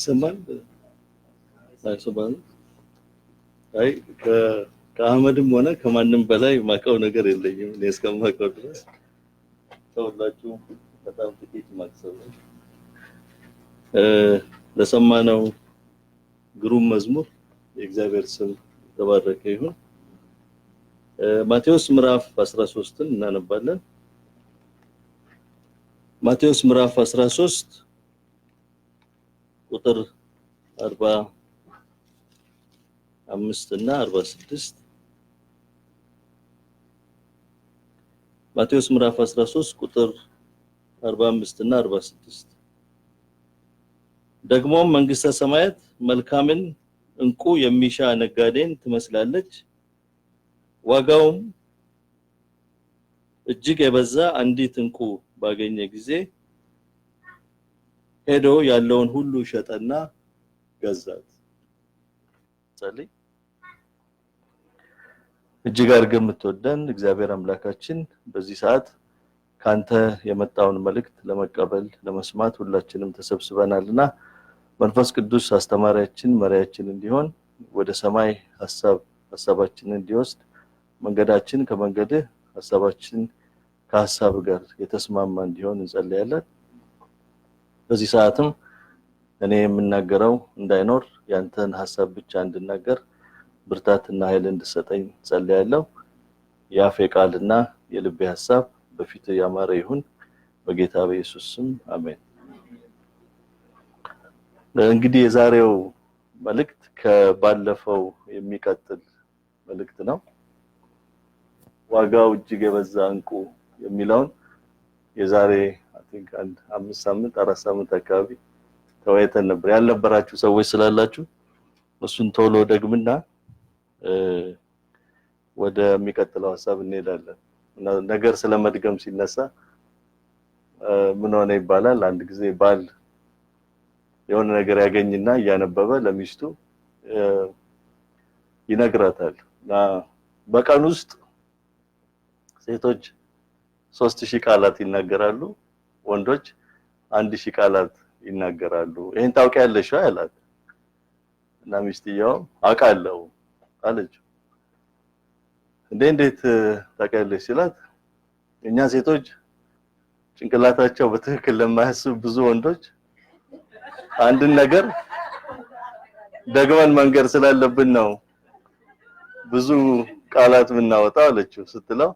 ይሰማል። አይሰማም። አይ ከአህመድም ሆነ ከማንም በላይ ማቀው ነገር የለኝም እኔ እስከማቀው ድረስ ተወላችሁ በጣም ጥቂት ማቅሰብ ለሰማነው ግሩም መዝሙር የእግዚአብሔር ስም የተባረከ ይሁን። ማቴዎስ ምዕራፍ 13ን እናነባለን። ማቴዎስ ምዕራፍ 13 ቁጥር 45 እና 46 ማቴዎስ ምዕራፍ 13 ቁጥር 45 እና 46 ደግሞ መንግስተ ሰማያት መልካምን እንቁ የሚሻ ነጋዴን ትመስላለች፣ ዋጋውም እጅግ የበዛ አንዲት እንቁ ባገኘ ጊዜ ሄዶ ያለውን ሁሉ ሸጠና ገዛት። ጸልይ። እጅግ አድርገን የምትወደን እግዚአብሔር አምላካችን በዚህ ሰዓት ካንተ የመጣውን መልእክት ለመቀበል ለመስማት ሁላችንም ተሰብስበናልና መንፈስ ቅዱስ አስተማሪያችን መሪያችን እንዲሆን ወደ ሰማይ ሐሳብ ሐሳባችንን እንዲወስድ መንገዳችን ከመንገድህ ሐሳባችን ከሐሳብ ጋር የተስማማ እንዲሆን እንጸልያለን። በዚህ ሰዓትም እኔ የምናገረው እንዳይኖር ያንተን ሀሳብ ብቻ እንድናገር ብርታትና ኃይል እንድሰጠኝ ጸልያለሁ። የአፌ ቃልና የልቤ ሀሳብ በፊት ያማረ ይሁን በጌታ በኢየሱስ ስም አሜን። እንግዲህ የዛሬው መልእክት ከባለፈው የሚቀጥል መልእክት ነው። ዋጋው እጅግ የበዛ እንቁ የሚለውን የዛሬ አንድ አምስት ሳምንት አራት ሳምንት አካባቢ ተወያይተን ነበር። ያልነበራችሁ ሰዎች ስላላችሁ እሱን ቶሎ ደግምና ወደሚቀጥለው ሀሳብ እንሄዳለን። ነገር ስለመድገም ሲነሳ ምን ሆነ ይባላል። አንድ ጊዜ ባል የሆነ ነገር ያገኝና እያነበበ ለሚስቱ ይነግራታል። በቀን ውስጥ ሴቶች ሶስት ሺህ ቃላት ይናገራሉ፣ ወንዶች አንድ ሺህ ቃላት ይናገራሉ። ይሄን ታውቂያለሽ አላት እና ሚስትየውም አውቃለሁ አለችው። እንዴ እንዴት ታውቂያለሽ ሲላት እኛ ሴቶች ጭንቅላታቸው በትክክል ለማያስብ ብዙ ወንዶች አንድን ነገር ደግመን መንገር ስላለብን ነው ብዙ ቃላት ምናወጣ አለችው ስትለው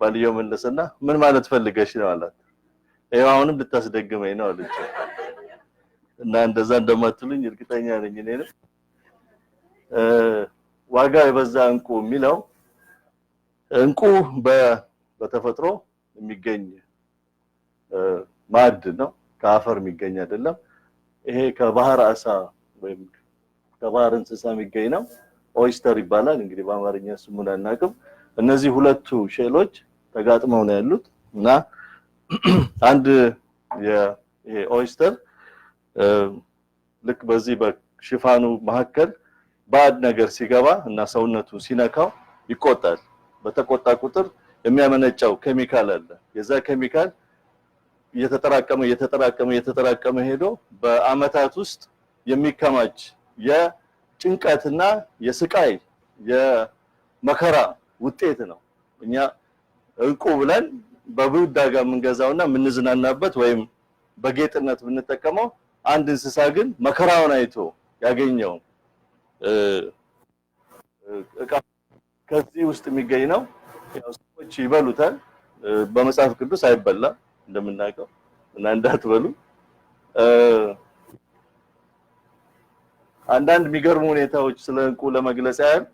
ባልየው መለሰና ምን ማለት ፈልገሽ ነው አላት። ይኸው አሁንም ልታስደግመኝ ነው አለች። እና እንደዛ እንደማትሉኝ እርግጠኛ ነኝ። እኔንም ዋጋ የበዛ እንቁ የሚለው እንቁ በተፈጥሮ የሚገኝ ማዕድን ነው፣ ከአፈር የሚገኝ አይደለም። ይሄ ከባህር አሳ ወይም ከባህር እንስሳ የሚገኝ ነው። ኦይስተር ይባላል እንግዲህ በአማርኛ ስሙን አናውቅም። እነዚህ ሁለቱ ሼሎች ተጋጥመው ነው ያሉት እና አንድ የኦይስተር ልክ በዚህ በሽፋኑ መካከል ባዕድ ነገር ሲገባ እና ሰውነቱ ሲነካው ይቆጣል። በተቆጣ ቁጥር የሚያመነጫው ኬሚካል አለ። የዛ ኬሚካል እየተጠራቀመ እየተጠራቀመ እየተጠራቀመ ሄዶ በአመታት ውስጥ የሚከማች የጭንቀትና የስቃይ የመከራ ውጤት ነው። እኛ እንቁ ብለን በብር ዋጋ የምንገዛውና የምንዝናናበት ወይም በጌጥነት የምንጠቀመው አንድ እንስሳ ግን መከራውን አይቶ ያገኘው እቃ ከዚህ ውስጥ የሚገኝ ነው። ሰዎች ይበሉታል። በመጽሐፍ ቅዱስ አይበላም እንደምናውቀው እና እንዳትበሉ። አንዳንድ የሚገርሙ ሁኔታዎች ስለ እንቁ ለመግለጽ ያህል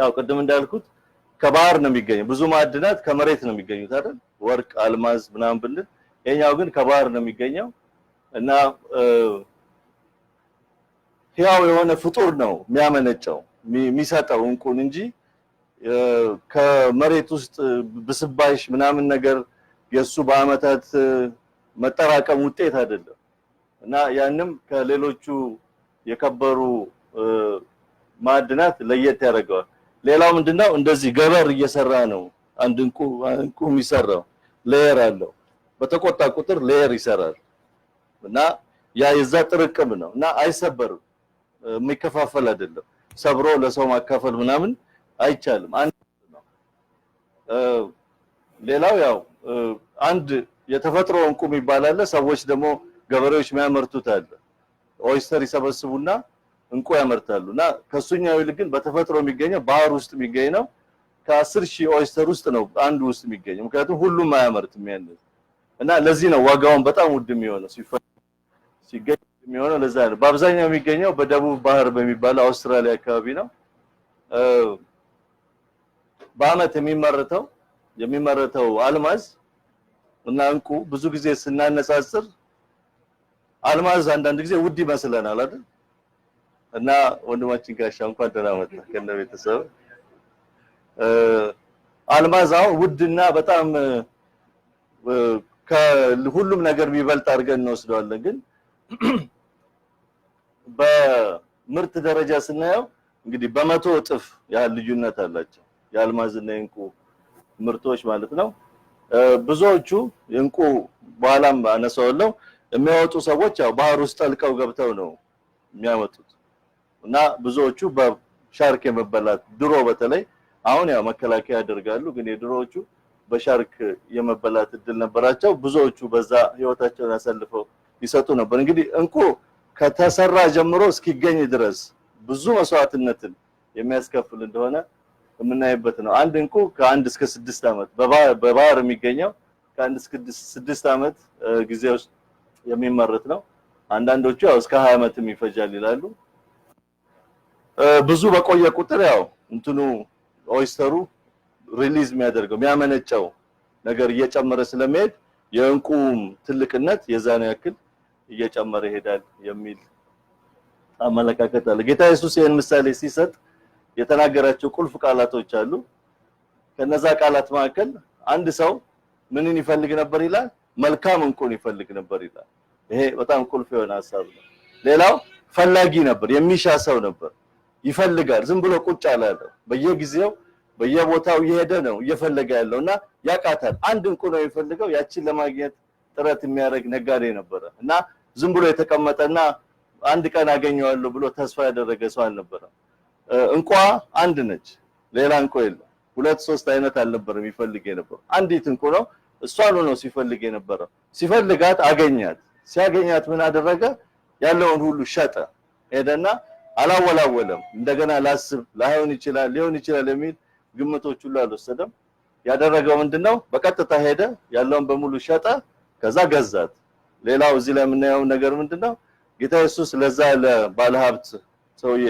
ያው ቅድም እንዳልኩት ከባህር ነው የሚገኘው። ብዙ ማዕድናት ከመሬት ነው የሚገኙት አይደል? ወርቅ፣ አልማዝ ምናምን ብንል፣ የኛው ግን ከባህር ነው የሚገኘው እና ህያው የሆነ ፍጡር ነው የሚያመነጨው የሚሰጠው እንቁን እንጂ ከመሬት ውስጥ ብስባሽ ምናምን ነገር የሱ በአመታት መጠራቀም ውጤት አይደለም እና ያንም ከሌሎቹ የከበሩ ማዕድናት ለየት ያደርገዋል። ሌላው ምንድነው እንደዚህ ገበር እየሰራ ነው። አንድ እንቁ እንቁ የሚሰራው ሌየር አለው። በተቆጣ ቁጥር ሌየር ይሰራል እና ያ የዛ ጥርቅም ነው እና አይሰበርም፣ የሚከፋፈል አይደለም። ሰብሮ ለሰው ማካፈል ምናምን አይቻልም። አንድ ነው። ሌላው ያው አንድ የተፈጥሮ እንቁ የሚባል አለ። ሰዎች ደግሞ ገበሬዎች የሚያመርቱት አለ። ኦይስተር ይሰበስቡና እንቁ ያመርታሉ እና ከሱኛው ይልቅ ግን በተፈጥሮ የሚገኘው ባህር ውስጥ የሚገኝ ነው። ከአስር ሺህ ኦይስተር ውስጥ ነው አንዱ ውስጥ የሚገኘው። ምክንያቱም ሁሉም አያመርትም ያንን እና ለዚህ ነው ዋጋውን በጣም ውድ የሚሆነው ሲገኝ የሚሆነው ለዛ ነው። በአብዛኛው የሚገኘው በደቡብ ባህር በሚባለው አውስትራሊያ አካባቢ ነው። በአመት የሚመረተው የሚመረተው አልማዝ እና እንቁ ብዙ ጊዜ ስናነጻጽር አልማዝ አንዳንድ ጊዜ ውድ ይመስለናል አይደል? እና ወንድማችን ጋሻ እንኳን ደህና መጣ ከነ ቤተሰብ። አልማዝ አሁን ውድና በጣም ከሁሉም ነገር የሚበልጥ አድርገን እንወስደዋለን፣ ግን በምርት ደረጃ ስናየው እንግዲህ በመቶ እጥፍ ያህል ልዩነት አላቸው የአልማዝና የእንቁ ምርቶች ማለት ነው። ብዙዎቹ የእንቁ በኋላም አነሳውለው የሚያወጡ ሰዎች ያው ባህር ውስጥ ጠልቀው ገብተው ነው የሚያመጡት እና ብዙዎቹ በሻርክ የመበላት ድሮ በተለይ አሁን ያው መከላከያ ያደርጋሉ፣ ግን የድሮዎቹ በሻርክ የመበላት እድል ነበራቸው። ብዙዎቹ በዛ ህይወታቸውን አሳልፈው ይሰጡ ነበር። እንግዲህ እንቁ ከተሰራ ጀምሮ እስኪገኝ ድረስ ብዙ መስዋዕትነትን የሚያስከፍል እንደሆነ የምናይበት ነው። አንድ እንቁ ከአንድ እስከ ስድስት ዓመት በባህር የሚገኘው ከአንድ እስከ ስድስት ዓመት ጊዜ ውስጥ የሚመረት ነው። አንዳንዶቹ ያው እስከ ሀያ ዓመትም ይፈጃል ይላሉ። ብዙ በቆየ ቁጥር ያው እንትኑ ኦይስተሩ ሪሊዝ የሚያደርገው የሚያመነጨው ነገር እየጨመረ ስለሚሄድ የእንቁም ትልቅነት የዛን ያክል እየጨመረ ይሄዳል የሚል አመለካከት አለ። ጌታ ኢየሱስ ይህን ምሳሌ ሲሰጥ የተናገራቸው ቁልፍ ቃላቶች አሉ። ከነዛ ቃላት መካከል አንድ ሰው ምንን ይፈልግ ነበር ይላል? መልካም እንቁን ይፈልግ ነበር ይላል። ይሄ በጣም ቁልፍ የሆነ ሀሳብ ነው። ሌላው ፈላጊ ነበር፣ የሚሻ ሰው ነበር። ይፈልጋል። ዝም ብሎ ቁጭ አላለው። በየጊዜው በየቦታው እየሄደ ነው እየፈለገ ያለውና ያቃታል። አንድ እንቁ ነው የሚፈልገው። ያችን ለማግኘት ጥረት የሚያደርግ ነጋዴ ነበረ እና ዝም ብሎ የተቀመጠና አንድ ቀን አገኘዋለሁ ብሎ ተስፋ ያደረገ ሰው አልነበረም። እንቋ አንድ ነች፣ ሌላ እንቁ የለም። ሁለት ሶስት አይነት አልነበረም ይፈልግ የነበረው አንዲት እንቁ ነው። እሷን ነው ሲፈልግ የነበረው። ሲፈልጋት አገኛት። ሲያገኛት ምን አደረገ? ያለውን ሁሉ ሸጠ ሄደና አላወላወለም። እንደገና ላስብ፣ ላይሆን ይችላል፣ ሊሆን ይችላል የሚል ግምቶች ሁሉ አልወሰደም። ያደረገው ምንድነው? በቀጥታ ሄደ፣ ያለውን በሙሉ ሸጠ፣ ከዛ ገዛት። ሌላው እዚህ ላይ የምናየው ነገር ምንድነው? ጌታ ኢየሱስ ለዛ ለባለሀብት ሰውዬ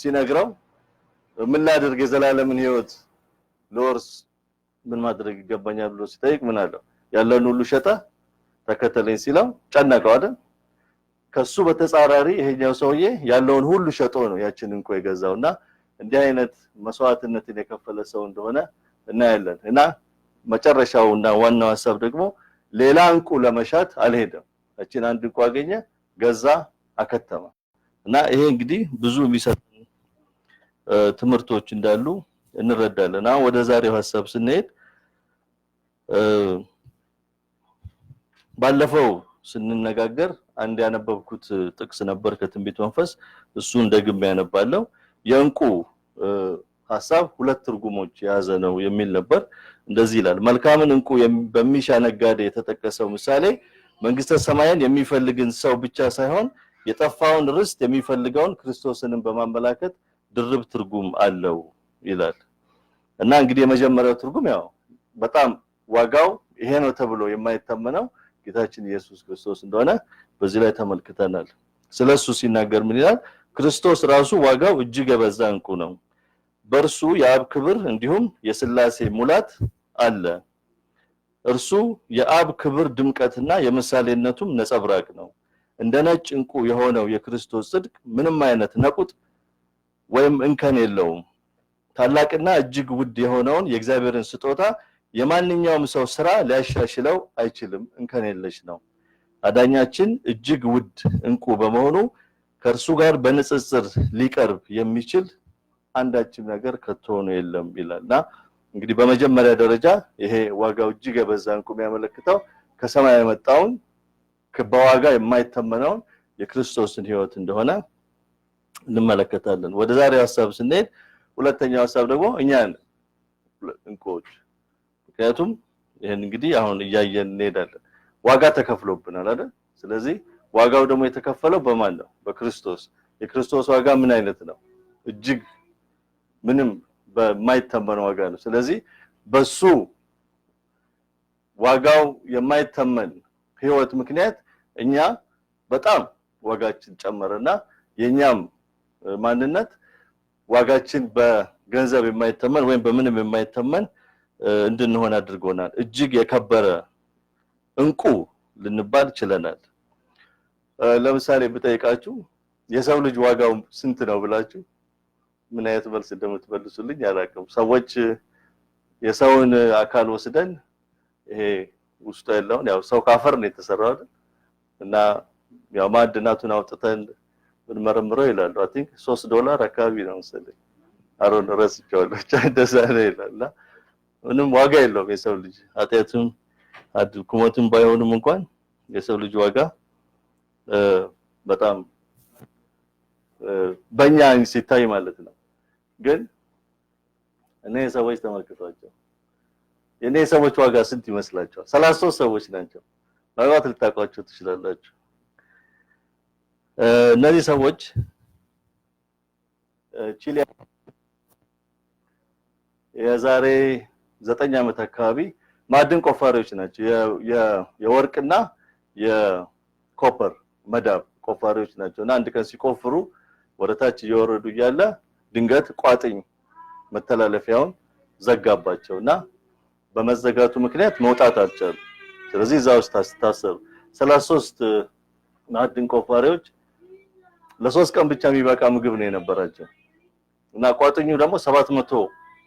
ሲነግረው ምን ላድርግ የዘላለምን ህይወት ለወርስ ምን ማድረግ ይገባኛል ብሎ ሲጠይቅ ምን አለው? ያለውን ሁሉ ሸጠ ተከተለኝ ሲለው ጨነቀው አይደል? ከሱ በተጻራሪ ይሄኛው ሰውዬ ያለውን ሁሉ ሸጦ ነው ያችን እንቁ የገዛው እና እንዲህ አይነት መስዋዕትነትን የከፈለ ሰው እንደሆነ እናያለን። እና መጨረሻው እና ዋናው ሀሳብ ደግሞ ሌላ እንቁ ለመሻት አልሄደም። ያችን አንድ እንቁ አገኘ፣ ገዛ፣ አከተመ። እና ይሄ እንግዲህ ብዙ የሚሰጡ ትምህርቶች እንዳሉ እንረዳለን። አሁን ወደ ዛሬው ሀሳብ ስንሄድ ባለፈው ስንነጋገር አንድ ያነበብኩት ጥቅስ ነበር ከትንቢት መንፈስ እሱ እንደግም ያነባለው የእንቁ ሐሳብ ሁለት ትርጉሞች የያዘ ነው የሚል ነበር። እንደዚህ ይላል መልካምን እንቁ በሚሻ ነጋዴ የተጠቀሰው ምሳሌ መንግስተ ሰማያን የሚፈልግን ሰው ብቻ ሳይሆን የጠፋውን ርስት የሚፈልገውን ክርስቶስንም በማመላከት ድርብ ትርጉም አለው ይላል እና እንግዲህ የመጀመሪያው ትርጉም ያው በጣም ዋጋው ይሄ ነው ተብሎ የማይተመነው ጌታችን ኢየሱስ ክርስቶስ እንደሆነ በዚህ ላይ ተመልክተናል። ስለሱ ሲናገር ምን ይላል? ክርስቶስ ራሱ ዋጋው እጅግ የበዛ እንቁ ነው። በእርሱ የአብ ክብር እንዲሁም የስላሴ ሙላት አለ። እርሱ የአብ ክብር ድምቀትና የምሳሌነቱም ነጸብራቅ ነው። እንደ ነጭ እንቁ የሆነው የክርስቶስ ጽድቅ ምንም አይነት ነቁጥ ወይም እንከን የለውም። ታላቅና እጅግ ውድ የሆነውን የእግዚአብሔርን ስጦታ የማንኛውም ሰው ስራ ሊያሻሽለው አይችልም፣ እንከን የለሽ ነው። አዳኛችን እጅግ ውድ እንቁ በመሆኑ ከእርሱ ጋር በንጽጽር ሊቀርብ የሚችል አንዳችም ነገር ከቶ ነው የለም ይላልና እንግዲህ በመጀመሪያ ደረጃ ይሄ ዋጋው እጅግ የበዛ እንቁ የሚያመለክተው ከሰማይ የመጣውን በዋጋ የማይተመነውን የክርስቶስን ሕይወት እንደሆነ እንመለከታለን። ወደ ዛሬው ሀሳብ ስንሄድ ሁለተኛው ሀሳብ ደግሞ እኛን እንቁዎች ምክንያቱም ይህን እንግዲህ አሁን እያየን እንሄዳለን። ዋጋ ተከፍሎብናል አይደል? ስለዚህ ዋጋው ደግሞ የተከፈለው በማን ነው? በክርስቶስ። የክርስቶስ ዋጋ ምን አይነት ነው? እጅግ ምንም በማይተመን ዋጋ ነው። ስለዚህ በሱ ዋጋው የማይተመን ህይወት ምክንያት እኛ በጣም ዋጋችን ጨመረና የኛም ማንነት ዋጋችን በገንዘብ የማይተመን ወይም በምንም የማይተመን እንድንሆን አድርጎናል። እጅግ የከበረ እንቁ ልንባል ችለናል። ለምሳሌ ብጠይቃችሁ የሰው ልጅ ዋጋው ስንት ነው ብላችሁ ምን አይነት መልስ እንደምትመልሱልኝ አላውቅም። ሰዎች የሰውን አካል ወስደን ይሄ ውስጡ ያለውን ያው ሰው ካፈር ነው የተሰራው እና ያው ማዕድናቱን አውጥተን ብንመረምረው ይላሉ። አይ ቲንክ 3 ዶላር አካባቢ ነው መሰለኝ አሮን ረስቼዋለሁ። እንደዛ ነው ይላል። ምንም ዋጋ የለውም። የሰው ልጅ ኃጢአቱም ቁመቱም ባይሆንም እንኳን የሰው ልጅ ዋጋ በጣም በእኛ ሲታይ ማለት ነው። ግን እኔ ሰዎች ተመልክቷቸው የኔ ሰዎች ዋጋ ስንት ይመስላችኋል? ሰላሳ ሰዎች ናቸው። ምናልባት ልታውቋቸው ትችላላችሁ። እነዚህ ሰዎች ቺሊ የዛሬ ዘጠኝ ዓመት አካባቢ ማዕድን ቆፋሪዎች ናቸው። የወርቅና የኮፐር መዳብ ቆፋሪዎች ናቸው እና አንድ ቀን ሲቆፍሩ ወደታች እየወረዱ እያለ ድንገት ቋጥኝ መተላለፊያውን ዘጋባቸው እና በመዘጋቱ ምክንያት መውጣት አልቻሉ። ስለዚህ እዛ ውስጥ ታሰሩ። ሰላሳ ሶስት ማዕድን ቆፋሪዎች ለሶስት ቀን ብቻ የሚበቃ ምግብ ነው የነበራቸው እና ቋጥኙ ደግሞ ሰባት መቶ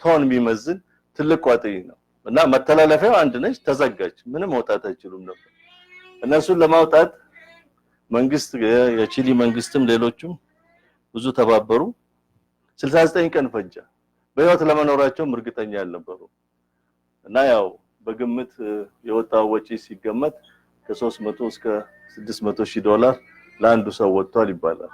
ቶን የሚመዝን ትልቅ ቋጥኝ ነው እና መተላለፊያው አንድ ነች፣ ተዘጋች። ምንም መውጣት አይችሉም ነበር። እነሱን ለማውጣት መንግስት፣ የቺሊ መንግስትም ሌሎችም ብዙ ተባበሩ። 69 ቀን ፈጀ። በህይወት ለመኖራቸውም እርግጠኛ ያልነበሩ እና ያው በግምት የወጣው ወጪ ሲገመት ከ300 እስከ 600 ሺህ ዶላር ለአንዱ ሰው ወጥቷል ይባላል።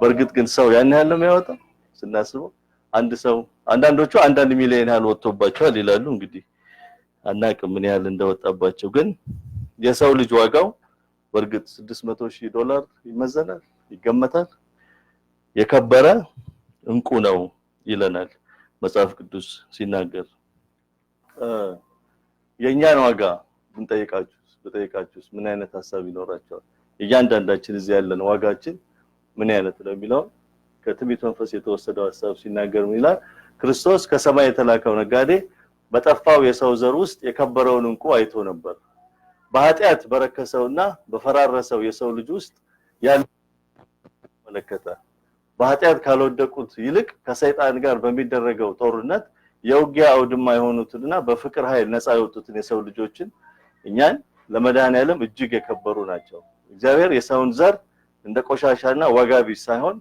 በእርግጥ ግን ሰው ያን ያህል ነው የሚያወጣው ስናስበው አንድ ሰው አንዳንዶቹ አንዳንድ ሚሊዮን ያህል ወጥቶባቸዋል ይላሉ። እንግዲህ አናቅም ምን ያህል እንደወጣባቸው። ግን የሰው ልጅ ዋጋው በእርግጥ 600 ሺህ ዶላር ይመዘናል ይገመታል። የከበረ እንቁ ነው ይለናል መጽሐፍ ቅዱስ ሲናገር። የእኛን ዋጋ ብንጠይቃችሁስ ብጠይቃችሁስ ምን አይነት ሀሳብ ይኖራቸዋል? እያንዳንዳችን እዚህ ያለን ዋጋችን ምን አይነት ነው የሚለውን ከትንቢት መንፈስ የተወሰደው ሀሳብ ሲናገር ምን ይላል? ክርስቶስ ከሰማይ የተላከው ነጋዴ በጠፋው የሰው ዘር ውስጥ የከበረውን እንቁ አይቶ ነበር። በኃጢአት በረከሰውና በፈራረሰው የሰው ልጅ ውስጥ ያለ መለከተ በኃጢአት ካልወደቁት ይልቅ ከሰይጣን ጋር በሚደረገው ጦርነት የውጊያ አውድማ የሆኑትንና በፍቅር ኃይል ነፃ የወጡትን የሰው ልጆችን እኛን ለመድኃኔዓለም እጅግ የከበሩ ናቸው። እግዚአብሔር የሰውን ዘር እንደ ቆሻሻና ዋጋ ቢስ ሳይሆን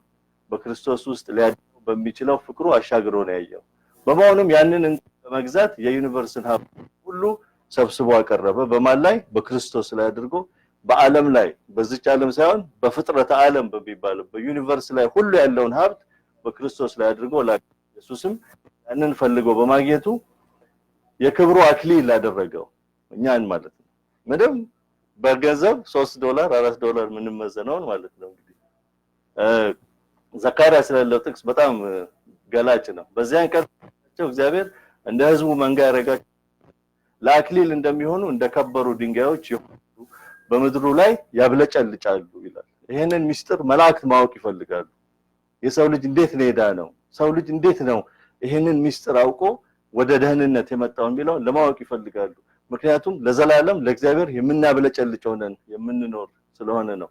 በክርስቶስ ውስጥ ሊያድነው በሚችለው ፍቅሩ አሻግሮ ነው ያየው። በመሆኑም ያንን በመግዛት የዩኒቨርስን ሀብት ሁሉ ሰብስቦ አቀረበ። በማን ላይ? በክርስቶስ ላይ አድርጎ በዓለም ላይ በዚች ዓለም ሳይሆን በፍጥረተ ዓለም በሚባለው በዩኒቨርስ ላይ ሁሉ ያለውን ሀብት በክርስቶስ ላይ አድርጎ ላከ። ኢየሱስም ያንን ፈልጎ በማግኘቱ የክብሩ አክሊል ላደረገው እኛን ማለት ነው። ምንም በገንዘብ ሶስት ዶላር አራት ዶላር የምንመዘነውን ማለት ነው እንግዲህ ዘካሪያ ስላለው ጥቅስ በጣም ገላጭ ነው። በዚያን ቀን እግዚአብሔር እንደ ህዝቡ መንጋ ያረጋቸው ለአክሊል እንደሚሆኑ እንደከበሩ ድንጋዮች በምድሩ ላይ ያብለጨልጫሉ ይላል። ይሄንን ምስጢር መላእክት ማወቅ ይፈልጋሉ። የሰው ልጅ እንዴት ነዳ ነው ሰው ልጅ እንዴት ነው ይሄንን ምስጢር አውቆ ወደ ደህንነት የመጣው የሚለው ለማወቅ ይፈልጋሉ። ምክንያቱም ለዘላለም ለእግዚአብሔር የምናብለጨልጭ ሆነን የምንኖር ስለሆነ ነው።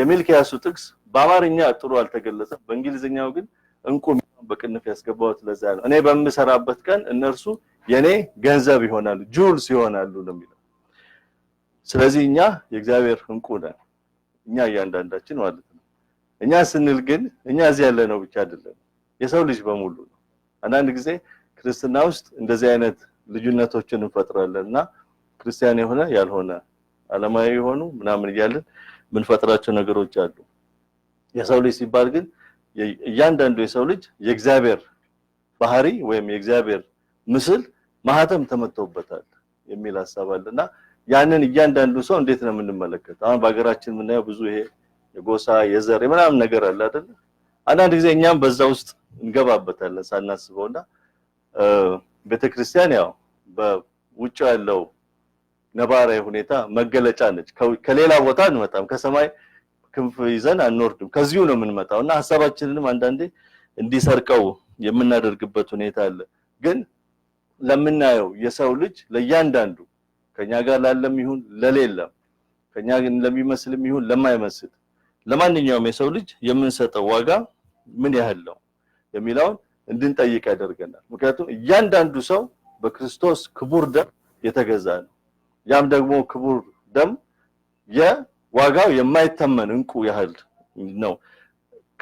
የሚልክያሱ ጥቅስ በአማርኛ ጥሩ አልተገለጸም። በእንግሊዝኛው ግን እንቁ በቅንፍ ያስገባሁት ለዛ ነው። እኔ በምሰራበት ቀን እነርሱ የኔ ገንዘብ ይሆናሉ፣ ጁልስ ይሆናሉ ነው የሚለው። ስለዚህ እኛ የእግዚአብሔር እንቁ ነን፣ እኛ እያንዳንዳችን ማለት ነው። እኛ ስንል ግን እኛ እዚህ ያለ ነው ብቻ አይደለም፣ የሰው ልጅ በሙሉ ነው። አንዳንድ ጊዜ ክርስትና ውስጥ እንደዚህ አይነት ልዩነቶችን እንፈጥራለን እና ክርስቲያን የሆነ ያልሆነ አለማዊ የሆኑ ምናምን እያለን ምንፈጥራቸው ነገሮች አሉ። የሰው ልጅ ሲባል ግን እያንዳንዱ የሰው ልጅ የእግዚአብሔር ባህሪ ወይም የእግዚአብሔር ምስል ማህተም ተመቶበታል የሚል ሀሳብ አለና ያንን እያንዳንዱ ሰው እንዴት ነው የምንመለከት? አሁን በሀገራችን የምናየው ብዙ ይሄ የጎሳ የዘር ምናምን ነገር አለ አይደል? አንዳንድ ጊዜ እኛም በዛ ውስጥ እንገባበታለን ሳናስበውና ቤተክርስቲያን ያው በውጭ ያለው ነባራዊ ሁኔታ መገለጫ ነች። ከሌላ ቦታ አንመጣም። ከሰማይ ክንፍ ይዘን አንወርድም። ከዚሁ ነው የምንመጣው እና ሀሳባችንንም አንዳንዴ እንዲሰርቀው የምናደርግበት ሁኔታ አለ። ግን ለምናየው የሰው ልጅ ለእያንዳንዱ ከኛ ጋር ላለም ይሁን ለሌለም ከኛ ግን ለሚመስልም ይሁን ለማይመስል ለማንኛውም የሰው ልጅ የምንሰጠው ዋጋ ምን ያህል ነው የሚለውን እንድንጠይቅ ያደርገናል። ምክንያቱም እያንዳንዱ ሰው በክርስቶስ ክቡር ደም የተገዛ ነው። ያም ደግሞ ክቡር ደም ዋጋው የማይተመን እንቁ ያህል ነው።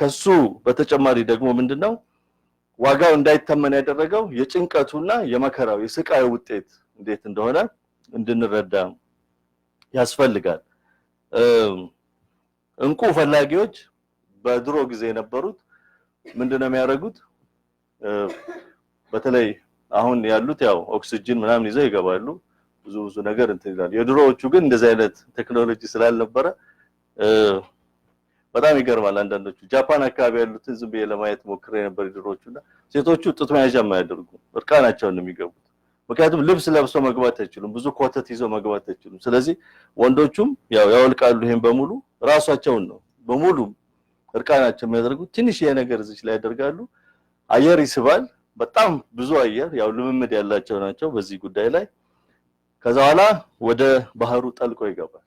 ከሱ በተጨማሪ ደግሞ ምንድነው ዋጋው እንዳይተመን ያደረገው የጭንቀቱና የመከራው የስቃዩ ውጤት እንዴት እንደሆነ እንድንረዳ ያስፈልጋል። እንቁ ፈላጊዎች በድሮ ጊዜ የነበሩት ምንድነው የሚያደርጉት? በተለይ አሁን ያሉት ያው ኦክሲጅን ምናምን ይዘው ይገባሉ። ብዙ ብዙ ነገር እንትን ይላል። የድሮዎቹ ግን እንደዚህ አይነት ቴክኖሎጂ ስላልነበረ በጣም ይገርማል። አንዳንዶቹ ጃፓን አካባቢ ያሉትን ዝም ብዬ ለማየት ሞክሬ ነበር። እና ሴቶቹ ጡት መያዣ የማያደርጉ እርቃናቸውን ነው የሚገቡት። ምክንያቱም ልብስ ለብሶ መግባት አይችሉም፣ ብዙ ኮተት ይዞ መግባት አይችሉም። ስለዚህ ወንዶቹም ያው ያወልቃሉ። ይሄን በሙሉ ራሷቸውን ነው በሙሉ እርቃናቸው የሚያደርጉት። ትንሽ ይሄ ነገር እዚች ላይ ያደርጋሉ። አየር ይስባል፣ በጣም ብዙ አየር። ያው ልምምድ ያላቸው ናቸው በዚህ ጉዳይ ላይ ከዛ በኋላ ወደ ባህሩ ጠልቆ ይገባል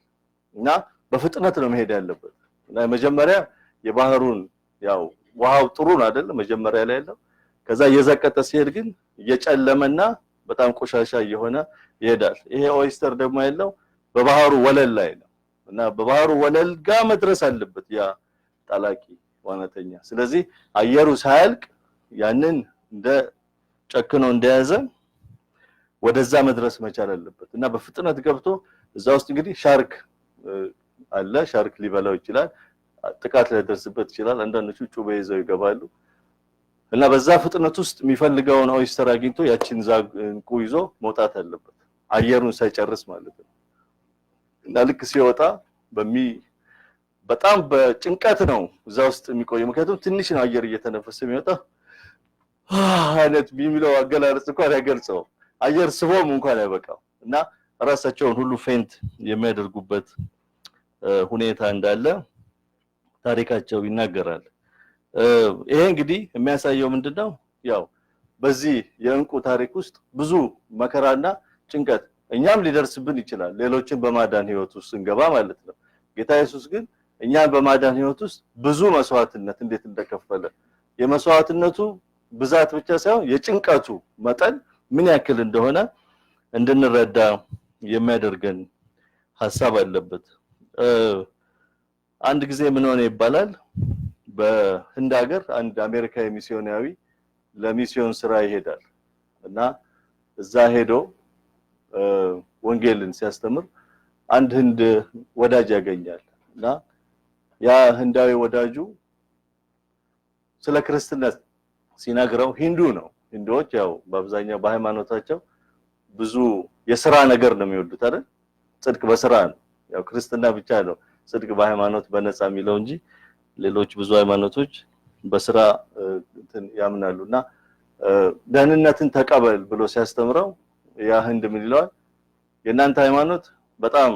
እና በፍጥነት ነው መሄድ ያለበት እና መጀመሪያ የባህሩን ያው ውሃው ጥሩ ነው አይደል? መጀመሪያ ላይ ያለው ከዛ እየዘቀጠ ሲሄድ ግን እየጨለመና በጣም ቆሻሻ እየሆነ ይሄዳል። ይሄ ኦይስተር ደግሞ ያለው በባህሩ ወለል ላይ ነው እና በባህሩ ወለል ጋር መድረስ አለበት ያ ጣላቂ ዋናተኛ። ስለዚህ አየሩ ሳያልቅ ያንን እንደ ጨክኖ እንደያዘ ወደዛ መድረስ መቻል አለበት እና በፍጥነት ገብቶ እዛ ውስጥ እንግዲህ ሻርክ አለ። ሻርክ ሊበላው ይችላል፣ ጥቃት ሊያደርስበት ይችላል። አንዳንዶቹ ጩቤ ይዘው ይገባሉ እና በዛ ፍጥነት ውስጥ የሚፈልገውን ኦይስተር አግኝቶ ያቺን ዛግ ይዞ መውጣት አለበት፣ አየሩን ሳይጨርስ ማለት ነው። እና ልክ ሲወጣ በሚ በጣም በጭንቀት ነው እዛ ውስጥ የሚቆየው፣ ምክንያቱም ትንሽ ነው አየር እየተነፈሰ የሚወጣ አይነት የሚለው አገላለጽ እንኳን አይገልጸውም። አየር ስቦም እንኳን አይበቃው እና ራሳቸውን ሁሉ ፌንት የሚያደርጉበት ሁኔታ እንዳለ ታሪካቸው ይናገራል። ይሄ እንግዲህ የሚያሳየው ምንድነው? ያው በዚህ የእንቁ ታሪክ ውስጥ ብዙ መከራና ጭንቀት እኛም ሊደርስብን ይችላል፣ ሌሎችን በማዳን ህይወት ውስጥ ስንገባ ማለት ነው። ጌታ ኢየሱስ ግን እኛን በማዳን ህይወት ውስጥ ብዙ መስዋዕትነት እንዴት እንደከፈለ የመስዋዕትነቱ ብዛት ብቻ ሳይሆን የጭንቀቱ መጠን ምን ያክል እንደሆነ እንድንረዳ የሚያደርገን ሀሳብ አለበት። አንድ ጊዜ ምን ሆነ ይባላል በህንድ ሀገር አንድ አሜሪካዊ ሚስዮናዊ ለሚስዮን ስራ ይሄዳል እና እዛ ሄዶ ወንጌልን ሲያስተምር አንድ ህንድ ወዳጅ ያገኛል እና ያ ህንዳዊ ወዳጁ ስለ ክርስትነት ሲነግረው ሂንዱ ነው ህንዶች ያው በአብዛኛው በሃይማኖታቸው ብዙ የስራ ነገር ነው የሚወዱት አይደል? ጽድቅ በስራ ነው። ያው ክርስትና ብቻ ነው ጽድቅ በሃይማኖት በነፃ የሚለው እንጂ ሌሎች ብዙ ሃይማኖቶች በስራ ያምናሉና ደህንነትን ተቀበል ብሎ ሲያስተምረው ያ ህንድ ምን ይለዋል? የእናንተ ሃይማኖት በጣም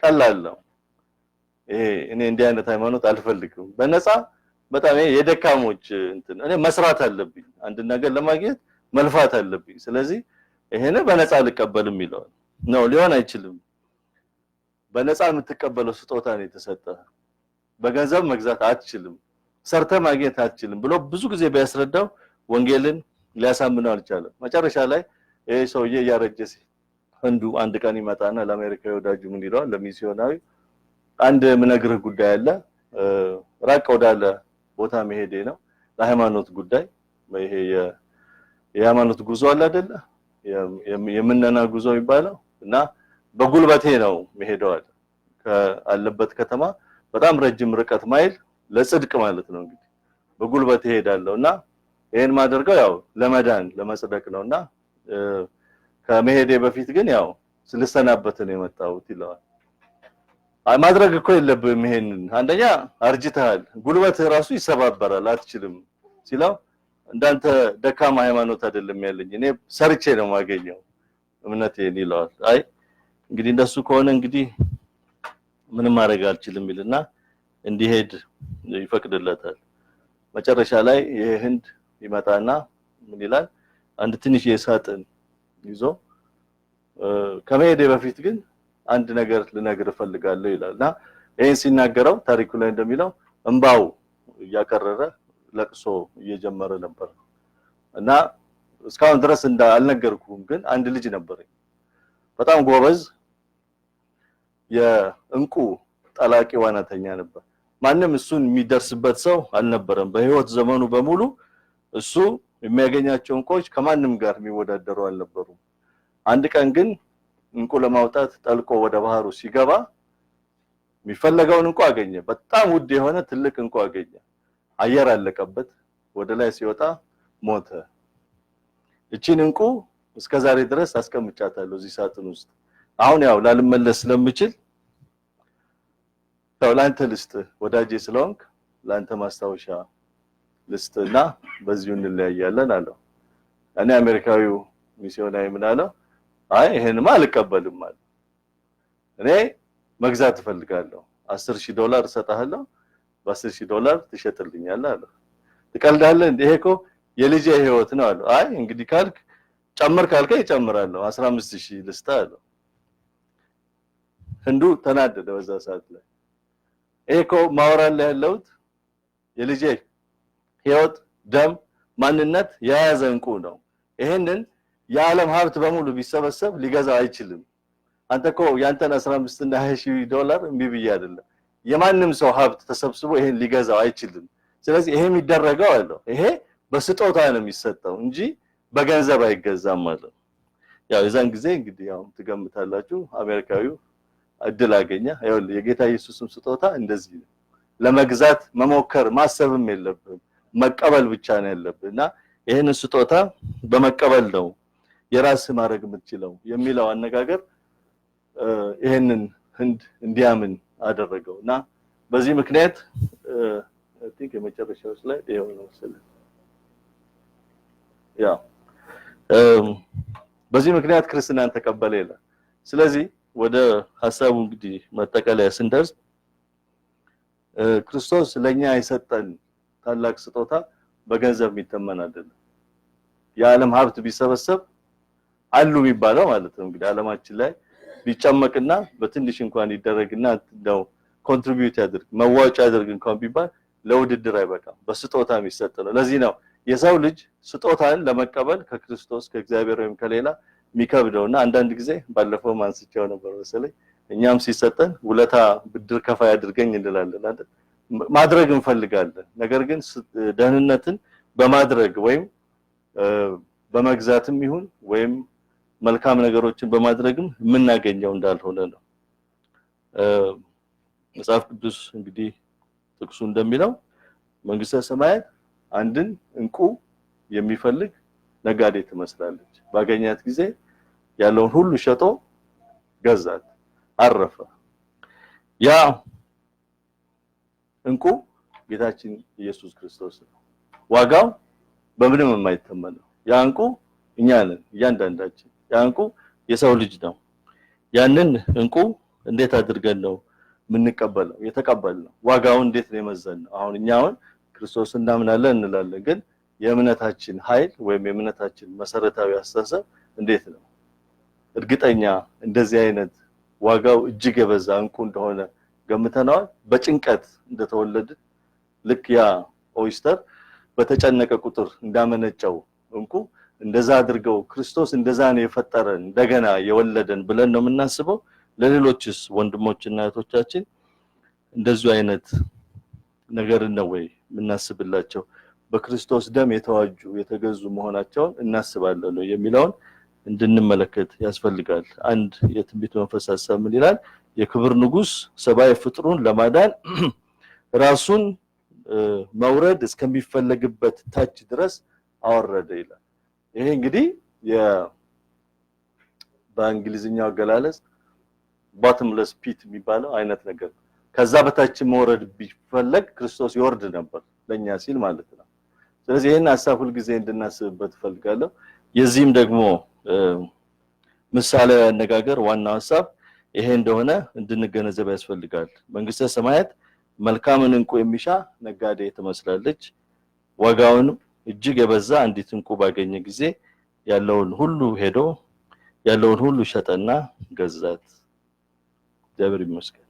ቀላል ነው። ይሄ እኔ እንዲህ አይነት ሃይማኖት አልፈልግም። በነፃ በጣም የደካሞች እንትን እኔ መስራት አለብኝ፣ አንድን ነገር ለማግኘት መልፋት አለብኝ። ስለዚህ ይሄን በነፃ ልቀበልም ይለዋል። ነው ሊሆን አይችልም። በነፃ የምትቀበለው ስጦታ ነው የተሰጠ። በገንዘብ መግዛት አትችልም፣ ሰርተ ማግኘት አትችልም ብሎ ብዙ ጊዜ ቢያስረዳው ወንጌልን ሊያሳምነው አልቻለም። መጨረሻ ላይ ይሄ ሰውዬ እያረጀ ሲ ህንዱ አንድ ቀን ይመጣና ለአሜሪካ ወዳጁ ምን ይለዋል? ለሚስዮናዊ አንድ የምነግርህ ጉዳይ አለ ራቅ ወዳለ ቦታ መሄዴ ነው። ለሃይማኖት ጉዳይ ይሄ የሃይማኖት ጉዞ አለ አይደለ? የምነና ጉዞ የሚባለው እና በጉልበቴ ነው መሄደው አለ ከአለበት ከተማ በጣም ረጅም ርቀት ማይል ለጽድቅ ማለት ነው እንግዲህ በጉልበቴ እሄዳለሁ እና ይሄን ማደርገው ያው ለመዳን ለመጽደቅ ነውና ከመሄዴ በፊት ግን ያው ስልሰናበት ነው የመጣሁት ይለዋል። ማድረግ እኮ የለብህም ይሄንን። አንደኛ አርጅተሃል፣ ጉልበትህ ራሱ ይሰባበራል፣ አትችልም ሲለው እንዳንተ ደካማ ሃይማኖት አይደለም ያለኝ እኔ ሰርቼ ነው የማገኘው እምነቴን ይለዋል። አይ እንግዲህ እንደሱ ከሆነ እንግዲህ ምንም ማድረግ አልችልም ይልና እንዲሄድ ይፈቅድለታል። መጨረሻ ላይ ይሄ ህንድ ይመጣና ምን ይላል አንድ ትንሽ የሳጥን ይዞ ከመሄዴ በፊት ግን አንድ ነገር ልነግር እፈልጋለሁ ይላል እና ይህን ሲናገረው ታሪኩ ላይ እንደሚለው እምባው እያቀረረ ለቅሶ እየጀመረ ነበር እና እስካሁን ድረስ አልነገርኩም፣ ግን አንድ ልጅ ነበረኝ በጣም ጎበዝ የእንቁ ጠላቂ ዋናተኛ ነበር። ማንም እሱን የሚደርስበት ሰው አልነበረም። በህይወት ዘመኑ በሙሉ እሱ የሚያገኛቸው እንቁዎች ከማንም ጋር የሚወዳደሩ አልነበሩም። አንድ ቀን ግን እንቁ ለማውጣት ጠልቆ ወደ ባህሩ ሲገባ የሚፈለገውን እንቁ አገኘ። በጣም ውድ የሆነ ትልቅ እንቁ አገኘ። አየር አለቀበት። ወደ ላይ ሲወጣ ሞተ። እቺን እንቁ እስከ ዛሬ ድረስ አስቀምጫታለሁ እዚህ ሳጥን ውስጥ። አሁን ያው ላልመለስ ስለምችል ያው ላንተ ልስጥ ወዳጄ ስለሆንክ ላንተ ማስታወሻ ልስጥና በዚሁ እንለያያለን አለው። እኔ አሜሪካዊው ሚስዮናዊ ምን አለው? አይ ይሄንማ አልቀበልም አለ። እኔ መግዛት እፈልጋለሁ፣ 10000 ዶላር እሰጥሃለሁ፣ በ10000 ዶላር ትሸጥልኛለህ አለ። ትቀልዳለህ እንዴ? ይሄ እኮ የልጄ ህይወት ነው አለ። አይ እንግዲህ ካልክ ጨምር ካልከ ይጨምራለሁ፣ 15000 ልስጥህ አለ። ህንዱ ተናደደ በዛ ሰዓት ላይ ይሄ እኮ ማወራለህ ያለሁት የልጄ ህይወት፣ ደም፣ ማንነት የያዘ እንቁ ነው ይሄንን የዓለም ሀብት በሙሉ ቢሰበሰብ ሊገዛው አይችልም። አንተ እኮ ያንተን 15 እና 20 ሺህ ዶላር እምቢ ብዬ አይደለም። የማንም ሰው ሀብት ተሰብስቦ ይሄን ሊገዛው አይችልም። ስለዚህ ይሄ የሚደረገው አለው ይሄ በስጦታ ነው የሚሰጠው እንጂ በገንዘብ አይገዛም ማለት ያው የዛን ጊዜ እንግዲህ ያው ትገምታላችሁ፣ አሜሪካዊው እድል አገኘ። ያው የጌታ ኢየሱስም ስጦታ እንደዚህ ነው። ለመግዛት መሞከር ማሰብም የለብህም መቀበል ብቻ ነው ያለብህ እና ይህንን ስጦታ በመቀበል ነው የራስ ማድረግ የምትችለው የሚለው አነጋገር ይህንን ህንድ እንዲያምን አደረገው እና በዚህ ምክንያት ቲንክ የመጨረሻው ስላይድ ይሄው ነው መሰለኝ። ያ በዚህ ምክንያት ክርስትናን ተቀበለ ይላል። ስለዚህ ወደ ሀሳቡ እንግዲህ መጠቀለያ ስንደርስ ክርስቶስ ለኛ የሰጠን ታላቅ ስጦታ በገንዘብ የሚተመን አይደለም። የዓለም ሀብት ቢሰበሰብ አሉ የሚባለው ማለት ነው። እንግዲህ አለማችን ላይ ሊጨመቅና በትንሽ እንኳን ይደረግና ነው ኮንትሪቢዩት ያድርግ መዋጮ ያድርግ እንኳን ቢባል ለውድድር አይበቃም፣ በስጦታ የሚሰጥ ነው። ለዚህ ነው የሰው ልጅ ስጦታን ለመቀበል ከክርስቶስ ከእግዚአብሔር ወይም ከሌላ የሚከብደውና አንዳንድ ጊዜ ባለፈው አንስቼው ነበር መሰለኝ እኛም ሲሰጠን ውለታ ብድር ከፋ ያድርገኝ እንላለን አይደል? ማድረግ እንፈልጋለን። ነገር ግን ደህንነትን በማድረግ ወይም በመግዛትም ይሁን ወይም መልካም ነገሮችን በማድረግም የምናገኘው እንዳልሆነ ነው። መጽሐፍ ቅዱስ እንግዲህ ጥቅሱ እንደሚለው መንግስተ ሰማያት አንድን እንቁ የሚፈልግ ነጋዴ ትመስላለች። ባገኛት ጊዜ ያለውን ሁሉ ሸጦ ገዛት፣ አረፈ። ያ እንቁ ጌታችን ኢየሱስ ክርስቶስ ነው። ዋጋው በምንም የማይተመን ነው። ያ እንቁ እኛ ነን እያንዳንዳችን። ያ እንቁ የሰው ልጅ ነው። ያንን እንቁ እንዴት አድርገን ነው የምንቀበለው? የተቀበልነው ዋጋውን እንዴት ነው የመዘንነው? አሁን እኛ አሁን ክርስቶስ እናምናለን እንላለን፣ ግን የእምነታችን ኃይል ወይም የእምነታችን መሰረታዊ አስተሳሰብ እንዴት ነው እርግጠኛ እንደዚህ አይነት ዋጋው እጅግ የበዛ እንቁ እንደሆነ ገምተናዋል። በጭንቀት እንደተወለድን ልክ ያ ኦይስተር በተጨነቀ ቁጥር እንዳመነጨው እንቁ እንደዛ አድርገው ክርስቶስ እንደዛ ነው የፈጠረን እንደገና የወለደን ብለን ነው የምናስበው። ለሌሎችስ ወንድሞችና እህቶቻችን እንደዚሁ አይነት ነገር ነው ወይ የምናስብላቸው? በክርስቶስ ደም የተዋጁ የተገዙ መሆናቸውን እናስባለን ነው የሚለውን እንድንመለከት ያስፈልጋል። አንድ የትንቢት መንፈስ ሀሳብ ምን ይላል? የክብር ንጉሥ ሰብአዊ ፍጥሩን ለማዳን ራሱን መውረድ እስከሚፈለግበት ታች ድረስ አወረደ ይላል። ይሄ እንግዲህ በእንግሊዝኛው አገላለጽ ባትምለስ ፒት የሚባለው አይነት ነገር ከዛ በታች መውረድ ቢፈለግ ክርስቶስ ይወርድ ነበር ለኛ ሲል ማለት ነው። ስለዚህ ይህን ሀሳብ ሁልጊዜ እንድናስብበት እፈልጋለሁ። የዚህም ደግሞ ምሳሌያዊ አነጋገር ዋናው ሀሳብ ይሄ እንደሆነ እንድንገነዘብ ያስፈልጋል። መንግስተ ሰማያት መልካምን እንቁ የሚሻ ነጋዴ ትመስላለች ዋጋውን እጅግ የበዛ አንዲት እንቁ ባገኘ ጊዜ ያለውን ሁሉ ሄዶ ያለውን ሁሉ ሸጠና ገዛት። እግዚአብሔር ይመስገን።